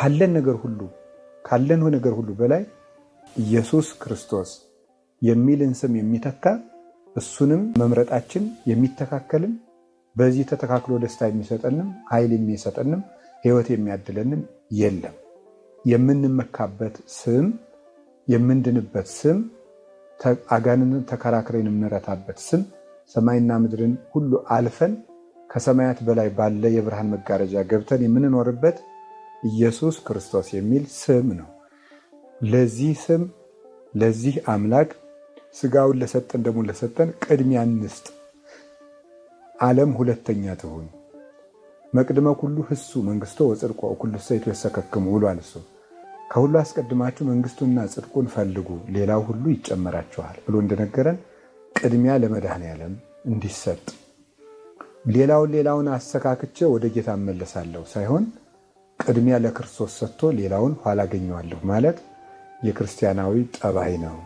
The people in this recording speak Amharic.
ካለን ነገር ሁሉ ካለን ነገር ሁሉ በላይ ኢየሱስ ክርስቶስ የሚልን ስም የሚተካ እሱንም መምረጣችን የሚተካከልን በዚህ ተተካክሎ ደስታ የሚሰጠንም ኃይል የሚሰጠንም ሕይወት የሚያድለንም የለም። የምንመካበት ስም የምንድንበት ስም አጋንንን ተከራክረን የምንረታበት ስም ሰማይና ምድርን ሁሉ አልፈን ከሰማያት በላይ ባለ የብርሃን መጋረጃ ገብተን የምንኖርበት ኢየሱስ ክርስቶስ የሚል ስም ነው። ለዚህ ስም ለዚህ አምላክ ስጋውን ለሰጠን ደግሞ ለሰጠን ቅድሚያ እንስጥ። ዓለም ሁለተኛ ትሁን። መቅድመ ሁሉ ህሱ መንግስቶ ወጽድቆ ሁሉ ሰይቱ የተሰከክሙ ብሏል እሱ ከሁሉ አስቀድማችሁ መንግስቱና ጽድቁን ፈልጉ ሌላው ሁሉ ይጨመራችኋል ብሎ እንደነገረን ቅድሚያ ለመድኃኔ ዓለም እንዲሰጥ ሌላውን ሌላውን አሰካክቼ ወደ ጌታ እመለሳለሁ ሳይሆን ቅድሚያ ለክርስቶስ ሰጥቶ ሌላውን ኋላ አገኘዋለሁ ማለት የክርስቲያናዊ ጠባይ ነው።